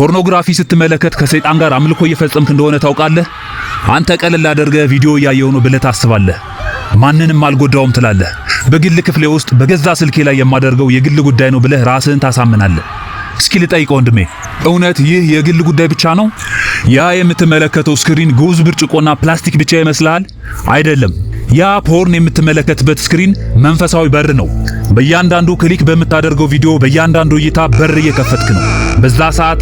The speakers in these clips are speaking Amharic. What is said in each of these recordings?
ፖርኖግራፊ ስትመለከት ከሰይጣን ጋር አምልኮ እየፈጸምክ እንደሆነ ታውቃለህ። አንተ ቀለል አደርገ ቪዲዮ እያየው ነው ብለህ ታስባለህ። ማንንም አልጎዳውም ትላለህ። በግል ክፍሌ ውስጥ በገዛ ስልኬ ላይ የማደርገው የግል ጉዳይ ነው ብለህ ራስህን ታሳምናለህ። እስኪ ልጠይቀው ወንድሜ፣ እውነት ይህ የግል ጉዳይ ብቻ ነው? ያ የምትመለከተው ስክሪን ግዑዝ ብርጭቆና ፕላስቲክ ብቻ ይመስልሃል? አይደለም። ያ ፖርን የምትመለከትበት ስክሪን መንፈሳዊ በር ነው። በእያንዳንዱ ክሊክ በምታደርገው ቪዲዮ፣ በእያንዳንዱ እይታ በር እየከፈትክ ነው። በዛ ሰዓት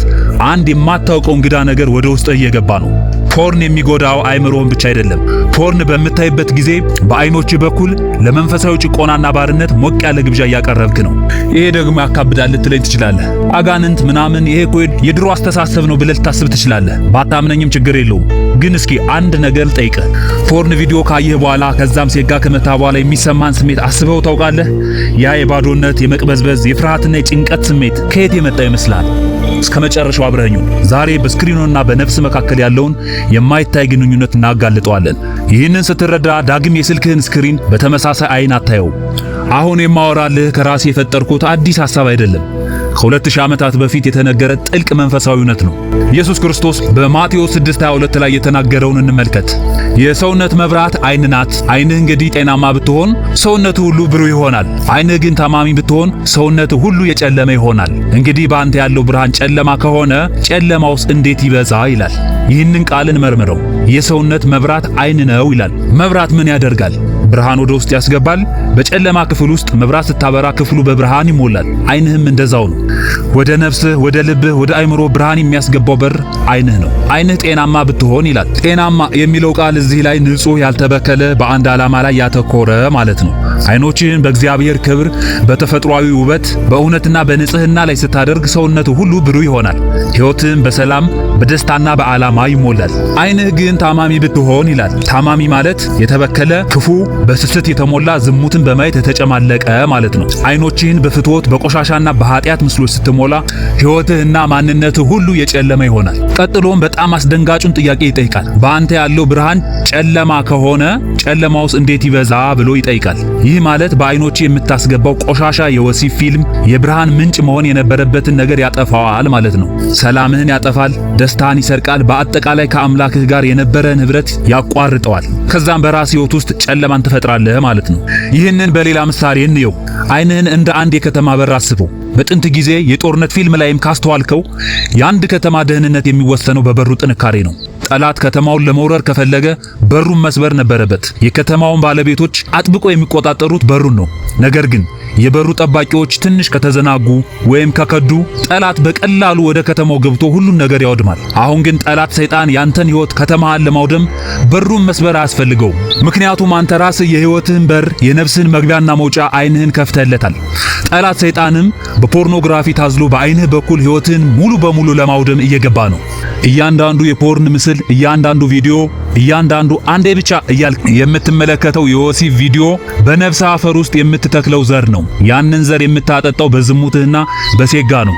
አንድ የማታውቀው እንግዳ ነገር ወደ ውስጥ እየገባ ነው። ፖርን የሚጎዳው አይምሮን ብቻ አይደለም። ፖርን በምታይበት ጊዜ በአይኖች በኩል ለመንፈሳዊ ጭቆናና ባርነት ሞቅ ያለ ግብዣ እያቀረብክ ነው። ይሄ ደግሞ ያካብዳል ልትለኝ ትችላለህ። አጋንንት ምናምን፣ ይሄ ኮይድ የድሮ አስተሳሰብ ነው ብለህ ልታስብ ትችላለህ። ባታምነኝም ችግር የለውም። ግን እስኪ አንድ ነገር ጠይቀ ፖርን ቪዲዮ ካየህ በኋላ ከዛም ሴጋ ከመታ በኋላ የሚሰማን ስሜት አስበው ታውቃለህ? ያ የባዶነት የመቅበዝበዝ፣ የፍርሃትና የጭንቀት ስሜት ከየት የመጣ ይመስላል? እስከ መጨረሻው አብረኙ። ዛሬ በስክሪኑና በነፍስ መካከል ያለውን የማይታይ ግንኙነት እናጋልጠዋለን። ይህንን ስትረዳ ዳግም የስልክህን ስክሪን በተመሳሳይ አይን አታየው። አሁን የማወራልህ ከራሴ የፈጠርኩት አዲስ ሐሳብ አይደለም። ከሁለት ሺህ ዓመታት በፊት የተነገረ ጥልቅ መንፈሳዊ እውነት ነው። ኢየሱስ ክርስቶስ በማቴዎስ 6:22 ላይ የተናገረውን እንመልከት። የሰውነት መብራት ዓይን ናት። ዓይንህ እንግዲህ ጤናማ ብትሆን ሰውነት ሁሉ ብሩህ ይሆናል። ዓይንህ ግን ታማሚ ብትሆን ሰውነት ሁሉ የጨለመ ይሆናል። እንግዲህ በአንተ ያለው ብርሃን ጨለማ ከሆነ ጨለማውስ እንዴት ይበዛ ይላል። ይህንን ቃልን መርምረው። የሰውነት መብራት ዓይን ነው ይላል። መብራት ምን ያደርጋል? ብርሃን ወደ ውስጥ ያስገባል። በጨለማ ክፍል ውስጥ መብራት ስታበራ ክፍሉ በብርሃን ይሞላል። አይንህም እንደዛው ነው። ወደ ነፍስህ፣ ወደ ልብህ፣ ወደ አይምሮ ብርሃን የሚያስገባው በር አይንህ ነው። አይንህ ጤናማ ብትሆን ይላል። ጤናማ የሚለው ቃል እዚህ ላይ ንጹህ፣ ያልተበከለ በአንድ ዓላማ ላይ ያተኮረ ማለት ነው። አይኖችህን በእግዚአብሔር ክብር፣ በተፈጥሯዊ ውበት፣ በእውነትና በንጽህና ላይ ስታደርግ ሰውነቱ ሁሉ ብሩህ ይሆናል። ሕይወትህም በሰላም በደስታና በዓላማ ይሞላል። ዓይንህ ግን ታማሚ ብትሆን ይላል። ታማሚ ማለት የተበከለ ክፉ፣ በስስት የተሞላ ዝሙትን በማየት የተጨማለቀ ማለት ነው። ዓይኖችህን በፍትወት በቆሻሻና በኃጢአት ምስሎች ስትሞላ ሕይወትህና ማንነትህ ሁሉ የጨለመ ይሆናል። ቀጥሎም በጣም አስደንጋጩን ጥያቄ ይጠይቃል። በአንተ ያለው ብርሃን ጨለማ ከሆነ ጨለማውስ እንዴት ይበዛ ብሎ ይጠይቃል። ይህ ማለት በዓይኖች የምታስገባው ቆሻሻ የወሲብ ፊልም የብርሃን ምንጭ መሆን የነበረበትን ነገር ያጠፋዋል ማለት ነው። ሰላምህን ያጠፋል። ደስታን ይሰርቃል። በአጠቃላይ ከአምላክህ ጋር የነበረ ንብረት ያቋርጠዋል። ከዛም በራስ ህይወት ውስጥ ጨለማን ትፈጥራለህ ማለት ነው። ይህንን በሌላ ምሳሌ እንየው። ዓይንህን እንደ አንድ የከተማ በር አስበው። በጥንት ጊዜ የጦርነት ፊልም ላይም ካስተዋልከው የአንድ ከተማ ደህንነት የሚወሰነው በበሩ ጥንካሬ ነው። ጠላት ከተማውን ለመውረር ከፈለገ በሩን መስበር ነበረበት። የከተማውን ባለቤቶች አጥብቆ የሚቆጣጠሩት በሩን ነው። ነገር ግን የበሩ ጠባቂዎች ትንሽ ከተዘናጉ ወይም ከከዱ ጠላት በቀላሉ ወደ ከተማው ገብቶ ሁሉን ነገር ያወድማል። አሁን ግን ጠላት ሰይጣን ያንተን ሕይወት ከተማህን ለማውደም በሩን መስበር አያስፈልገውም። ምክንያቱም አንተ ራስህ የሕይወትህን በር የነፍስህን መግቢያና መውጫ ዓይንህን ከፍተህለታል። ጠላት ሰይጣንም በፖርኖግራፊ ታዝሎ በዓይንህ በኩል ሕይወትህን ሙሉ በሙሉ ለማውደም እየገባ ነው። እያንዳንዱ የፖርን ምስል እያንዳንዱ ቪዲዮ እያንዳንዱ አንዴ ብቻ እያልክ የምትመለከተው የወሲብ ቪዲዮ በነፍስ አፈር ውስጥ የምትተክለው ዘር ነው። ያንን ዘር የምታጠጣው በዝሙትህና በሴጋ ነው።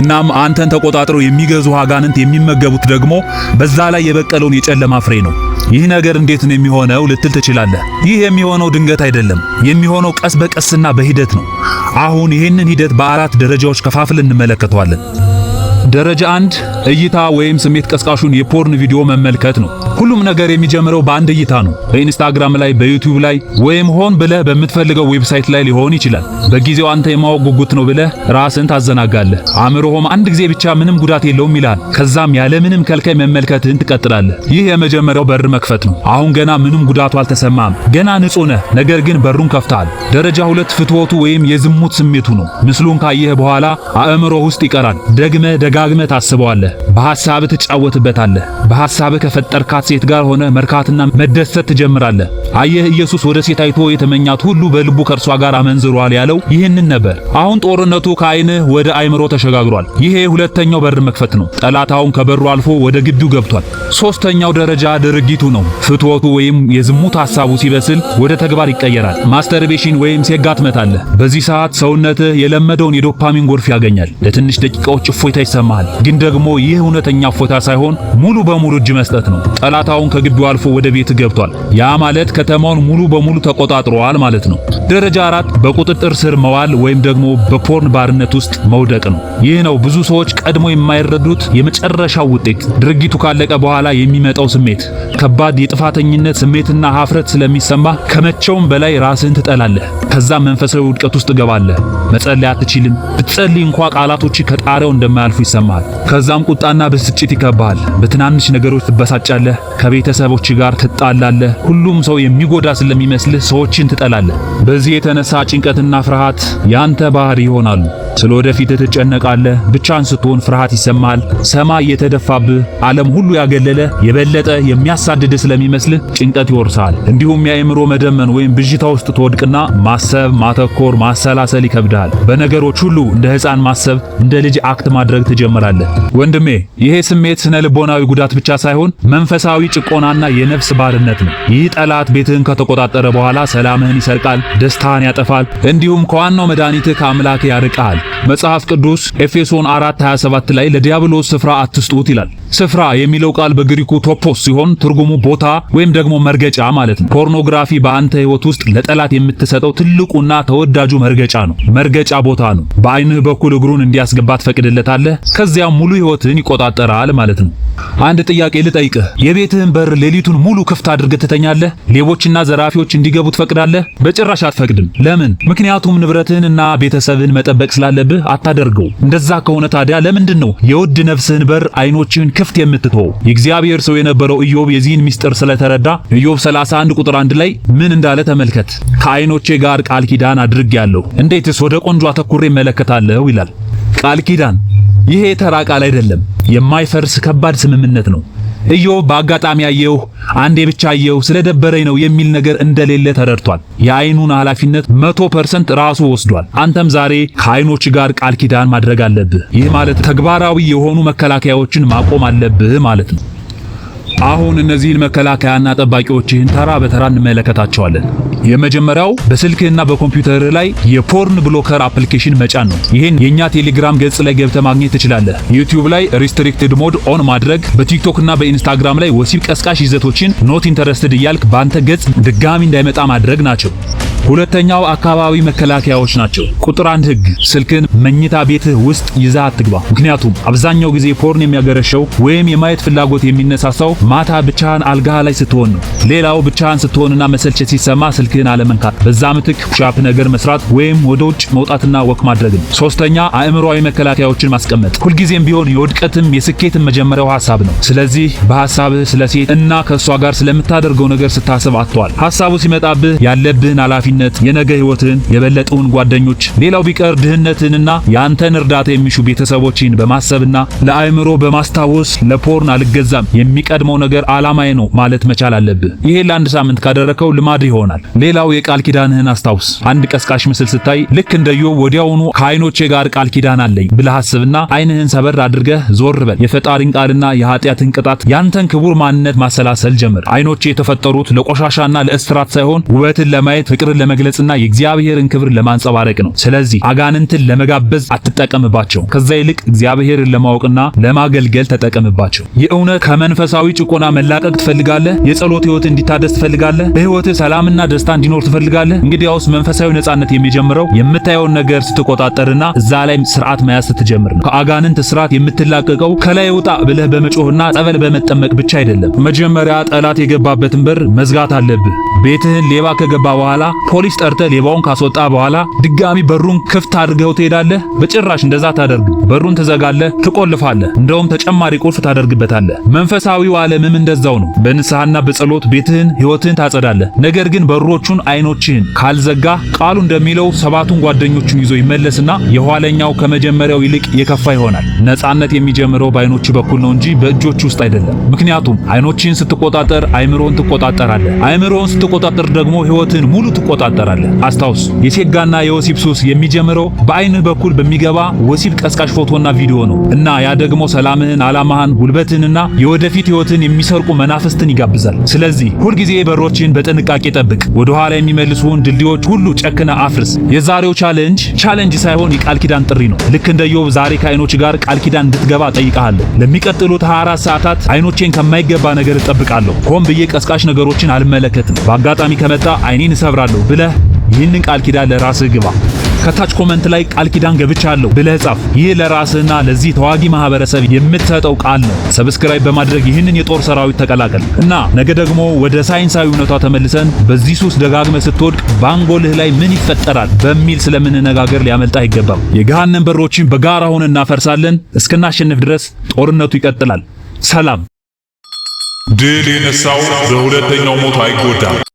እናም አንተን ተቆጣጥረው የሚገዙ አጋንንት የሚመገቡት ደግሞ በዛ ላይ የበቀለውን የጨለማ ፍሬ ነው። ይህ ነገር እንዴት ነው የሚሆነው ልትል ትችላለህ። ይህ የሚሆነው ድንገት አይደለም። የሚሆነው ቀስ በቀስና በሂደት ነው። አሁን ይህንን ሂደት በአራት ደረጃዎች ከፋፍል እንመለከተዋለን። ደረጃ አንድ እይታ ወይም ስሜት ቀስቃሹን የፖርን ቪዲዮ መመልከት ነው። ሁሉም ነገር የሚጀምረው በአንድ እይታ ነው። በኢንስታግራም ላይ፣ በዩቲዩብ ላይ ወይም ሆን ብለህ በምትፈልገው ዌብሳይት ላይ ሊሆን ይችላል። በጊዜው አንተ የማወቅ ጉጉት ነው ብለህ ራስን ታዘናጋለህ። አእምሮህም አንድ ጊዜ ብቻ ምንም ጉዳት የለውም ይላል። ከዛም ያለ ምንም ከልካይ መመልከትህን ትቀጥላለህ። ይህ የመጀመሪያው በር መክፈት ነው። አሁን ገና ምንም ጉዳቱ አልተሰማም። ገና ንጹህ ነህ። ነገር ግን በሩን ከፍታል። ደረጃ ሁለት ፍትወቱ ወይም የዝሙት ስሜቱ ነው። ምስሉን ካየህ በኋላ አእምሮ ውስጥ ይቀራል። ደግመህ ደጋግመህ ታስበዋለህ። በሐሳብ ትጫወትበታለህ። በሐሳብህ ከፈጠርካት ሴት ጋር ሆነ መርካትና መደሰት ትጀምራለህ። አየህ ኢየሱስ ወደ ሴት አይቶ የተመኛት ሁሉ በልቡ ከእርሷ ጋር አመንዝሯል ያለው ይህንን ነበር። አሁን ጦርነቱ ከአይንህ ወደ አይምሮ ተሸጋግሯል። ይሄ ሁለተኛው በር መክፈት ነው። ጠላታውን ከበሩ አልፎ ወደ ግቢው ገብቷል። ሶስተኛው ደረጃ ድርጊቱ ነው። ፍትወቱ ወይም የዝሙት ሐሳቡ ሲበስል ወደ ተግባር ይቀየራል። ማስተርቤሽን ወይም ሴጋት መታለህ። በዚህ ሰዓት ሰውነትህ የለመደውን የዶፓሚን ጎርፍ ያገኛል። ለትንሽ ደቂቃዎች እፎይታ ይሰማሃል። ግን ደግሞ ይህ እውነተኛ እፎይታ ሳይሆን ሙሉ በ በሙሉ እጅ መስጠት ነው። ጠላታውን ከግቢው አልፎ ወደ ቤት ገብቷል። ያ ማለት ከተማውን ሙሉ በሙሉ ተቆጣጥሯል ማለት ነው። ደረጃ አራት በቁጥጥር ስር መዋል ወይም ደግሞ በፖርን ባርነት ውስጥ መውደቅ ነው። ይህ ነው ብዙ ሰዎች ቀድሞ የማይረዱት የመጨረሻው ውጤት። ድርጊቱ ካለቀ በኋላ የሚመጣው ስሜት ከባድ የጥፋተኝነት ስሜትና ሀፍረት ስለሚሰማ ከመቼውም በላይ ራስን ትጠላለህ። ከዛ መንፈሳዊ ውድቀት ውስጥ እገባለህ። መጸለይ አትችልም። ብትጸልይ እንኳ ቃላቶች ከጣሪያው እንደማያልፉ ይሰማል። ከዛም ቁጣና ብስጭት ይከብሃል። በትናንሽ ነገሮች ትበሳጫለህ። ከቤተሰቦች ጋር ትጣላለህ። ሁሉም ሰው የሚጎዳ ስለሚመስልህ ሰዎችን ትጠላለህ። በዚህ የተነሳ ጭንቀትና ፍርሃት ያንተ ባህሪ ይሆናሉ። ስለ ወደፊት ትጨነቃለህ። ብቻን ስትሆን ፍርሃት ይሰማል ሰማይ የተደፋብህ፣ ዓለም ሁሉ ያገለለ የበለጠ የሚያሳድድ ስለሚመስልህ ጭንቀት ይወርሳል። እንዲሁም የአእምሮ መደመን ወይም ብዥታ ውስጥ ትወድቅና ማስ ማሰብ፣ ማተኮር፣ ማሰላሰል ይከብዳል። በነገሮች ሁሉ እንደ ሕፃን ማሰብ፣ እንደ ልጅ አክት ማድረግ ትጀምራለህ። ወንድሜ ይሄ ስሜት ስነ ልቦናዊ ጉዳት ብቻ ሳይሆን መንፈሳዊ ጭቆናና የነፍስ ባርነት ነው። ይህ ጠላት ቤትህን ከተቆጣጠረ በኋላ ሰላምህን ይሰርቃል፣ ደስታህን ያጠፋል፣ እንዲሁም ከዋናው መድኃኒትህ ከአምላክ ያርቃል። መጽሐፍ ቅዱስ ኤፌሶን 4:27 ላይ ለዲያብሎስ ስፍራ አትስጡት ይላል። ስፍራ የሚለው ቃል በግሪኩ ቶፖስ ሲሆን ትርጉሙ ቦታ ወይም ደግሞ መርገጫ ማለት ነው። ፖርኖግራፊ በአንተ ህይወት ውስጥ ለጠላት የምትሰጠው ትልቁና ተወዳጁ መርገጫ ነው። መርገጫ ቦታ ነው። በአይንህ በኩል እግሩን እንዲያስገባ ትፈቅድለታለህ። ከዚያም ሙሉ ህይወትን ይቆጣጠራል ማለት ነው። አንድ ጥያቄ ልጠይቅህ። የቤትህን በር ሌሊቱን ሙሉ ክፍት አድርገህ ትተኛለህ? ሌቦችና ዘራፊዎች እንዲገቡ ትፈቅዳለህ? በጭራሽ አትፈቅድም። ለምን? ምክንያቱም ንብረትህንና ቤተሰብህን መጠበቅ ስላለብህ አታደርገው። እንደዛ ከሆነ ታዲያ ለምንድን ነው የውድ ነፍስህን በር አይኖችህን ክፍት የምትተው። የእግዚአብሔር ሰው የነበረው ኢዮብ የዚህን ምስጢር ስለተረዳ ኢዮብ 31 ቁጥር 1 ላይ ምን እንዳለ ተመልከት። ከዓይኖቼ ጋር ቃል ኪዳን አድርጌያለሁ፣ እንዴትስ ወደ ቆንጆ አተኩሬ እመለከታለሁ ይላል። ቃል ኪዳን ይሄ ተራ ቃል አይደለም፣ የማይፈርስ ከባድ ስምምነት ነው። ኢዮብ በአጋጣሚ አየሁ፣ አንዴ ብቻ አየሁ፣ ስለደበረኝ ነው የሚል ነገር እንደሌለ ተረድቷል። የአይኑን ኃላፊነት መቶ ፐርሰንት ራሱ ወስዷል። አንተም ዛሬ ከአይኖች ጋር ቃል ኪዳን ማድረግ አለብህ። ይህ ማለት ተግባራዊ የሆኑ መከላከያዎችን ማቆም አለብህ ማለት ነው። አሁን እነዚህን መከላከያና ጠባቂዎችህን ተራ በተራ እንመለከታቸዋለን። የመጀመሪያው በስልክህና በኮምፒውተር ላይ የፖርን ብሎከር አፕሊኬሽን መጫን ነው። ይህን የኛ ቴሌግራም ገጽ ላይ ገብተ ማግኘት ትችላለህ። ዩቲዩብ ላይ ሪስትሪክትድ ሞድ ኦን ማድረግ፣ እና በኢንስታግራም ላይ ወሲብ ቀስቃሽ ይዘቶችን ኖት ኢንተረስትድ እያልክ በአንተ ገጽ ድጋሚ እንዳይመጣ ማድረግ ናቸው። ሁለተኛው አካባቢ መከላከያዎች ናቸው። ቁጥር አንድ ህግ፣ ስልክን መኝታ ቤትህ ውስጥ ይዛ አትግባ። ምክንያቱም አብዛኛው ጊዜ ፖርን የሚያገረሸው ወይም የማየት ፍላጎት የሚነሳሳው ማታ ብቻህን አልጋ ላይ ስትሆን ነው። ሌላው ብቻህን ስትሆንና መሰልቸት ሲሰማ ስልክህን አለመንካት፣ በዛ ምትክ ሻፕ ነገር መስራት ወይም ወደ ውጭ መውጣትና ወክ ማድረግን። ሶስተኛ አእምሮአዊ መከላከያዎችን ማስቀመጥ። ሁልጊዜም ቢሆን የውድቀትም የስኬትም መጀመሪያው ሀሳብ ነው። ስለዚህ በሀሳብህ ስለ ሴት እና ከእሷ ጋር ስለምታደርገው ነገር ስታስብ አጥተዋል። ሀሳቡ ሲመጣብህ ያለብህን ኃላፊነት፣ የነገ ህይወትህን፣ የበለጠውን ጓደኞች፣ ሌላው ቢቀር ድህነትህንና የአንተን እርዳታ የሚሹ ቤተሰቦችን በማሰብና ለአእምሮ በማስታወስ ለፖርን አልገዛም የሚቀድመው ነገር አላማዬ ነው ማለት መቻል አለብህ። ይሄ ለአንድ ሳምንት ካደረከው ልማድ ይሆናል። ሌላው የቃል ኪዳንህን አስታውስ። አንድ ቀስቃሽ ምስል ስታይ ልክ እንደ ኢዮብ ወዲያውኑ ከዓይኖቼ ጋር ቃል ኪዳን አለኝ ብለህ አስብና ዓይንህን ሰበር አድርገህ ዞር በል። የፈጣሪን ቃልና የኃጢአትን ቅጣት ያንተን ክቡር ማንነት ማሰላሰል ጀምር። ዓይኖቼ የተፈጠሩት ለቆሻሻና ለእስራት ሳይሆን ውበትን ለማየት ፍቅርን ለመግለጽና የእግዚአብሔርን ክብር ለማንጸባረቅ ነው። ስለዚህ አጋንንትን ለመጋበዝ አትጠቀምባቸው። ከዛ ይልቅ እግዚአብሔርን ለማወቅና ለማገልገል ተጠቀምባቸው። የእውነት ከመንፈሳዊ ጭቆና መላቀቅ ትፈልጋለህ? የጸሎት ህይወት እንዲታደስ ትፈልጋለህ? በህይወትህ ሰላምና ደስታ ደስታ እንዲኖር ትፈልጋለህ? እንግዲያውስ መንፈሳዊ ነጻነት የሚጀምረው የምታየውን ነገር ስትቆጣጠርና እዛ ላይ ስርዓት መያዝ ስትጀምር ነው። ከአጋንንት ስርዓት የምትላቀቀው ከላይ ውጣ ብለህ በመጮህና ጸበል በመጠመቅ ብቻ አይደለም። መጀመሪያ ጠላት የገባበትን በር መዝጋት አለብህ። ቤትህን ሌባ ከገባ በኋላ ፖሊስ ጠርተ ሌባውን ካስወጣ በኋላ ድጋሚ በሩን ክፍት አድርገው ትሄዳለህ? በጭራሽ እንደዛ ታደርግ። በሩን ትዘጋለህ፣ ትቆልፋለህ። እንደውም ተጨማሪ ቁልፍ ታደርግበታለህ። መንፈሳዊው ዓለምም እንደዛው ነው። በንስሐና በጸሎት ቤትህን ህይወትህን ታጸዳለህ። ነገር ግን በሩ የሌሎቹን አይኖችህን ካልዘጋ ቃሉ እንደሚለው ሰባቱን ጓደኞቹን ይዞ ይመለስና የኋለኛው ከመጀመሪያው ይልቅ የከፋ ይሆናል። ነጻነት የሚጀምረው በአይኖች በኩል ነው እንጂ በእጆች ውስጥ አይደለም። ምክንያቱም አይኖችን ስትቆጣጠር አይምሮን ትቆጣጠራለህ። አይምሮን ስትቆጣጠር ደግሞ ህይወትን ሙሉ ትቆጣጠራለህ። አስታውስ፣ የሴጋና የወሲብ ሱስ የሚጀምረው በአይንህ በኩል በሚገባ ወሲብ ቀስቃሽ ፎቶና ቪዲዮ ነው እና ያ ደግሞ ሰላምህን፣ አላማህን፣ ጉልበትህንና የወደፊት ህይወትን የሚሰርቁ መናፍስትን ይጋብዛል። ስለዚህ ሁልጊዜ በሮችን በጥንቃቄ ጠብቅ። ወደ ኋላ የሚመልሱን ድልድዮች ሁሉ ጨክነ አፍርስ። የዛሬው ቻሌንጅ ቻሌንጅ ሳይሆን የቃል ኪዳን ጥሪ ነው። ልክ እንደ ዮብ ዛሬ ከዓይኖች ጋር ቃል ኪዳን እንድትገባ ጠይቀሃለሁ። ለሚቀጥሉት 24 ሰዓታት አይኖቼን ከማይገባ ነገር እጠብቃለሁ። ሆን ብዬ ቀስቃሽ ነገሮችን አልመለከትም። በአጋጣሚ ከመጣ አይኔን እሰብራለሁ ብለህ ይህንን ቃል ኪዳን ለራስህ ግባ። ከታች ኮመንት ላይ ቃል ኪዳን ገብቻለሁ ብለህ ጻፍ። ይህ ለራስህና ለዚህ ተዋጊ ማህበረሰብ የምትሰጠው ቃል ነው። ሰብስክራይብ በማድረግ ይህንን የጦር ሰራዊት ተቀላቀል እና ነገ ደግሞ ወደ ሳይንሳዊ እውነቷ ተመልሰን በዚህ ሱስ ደጋግመ ስትወድቅ ባንጎልህ ላይ ምን ይፈጠራል በሚል ስለምንነጋገር ሊያመልጥ አይገባም። የገሃነም በሮችን በጋራ ሆነ እናፈርሳለን። እስክናሸንፍ ድረስ ጦርነቱ ይቀጥላል። ሰላም። ድል የነሳው በሁለተኛው ሞት አይጎዳም።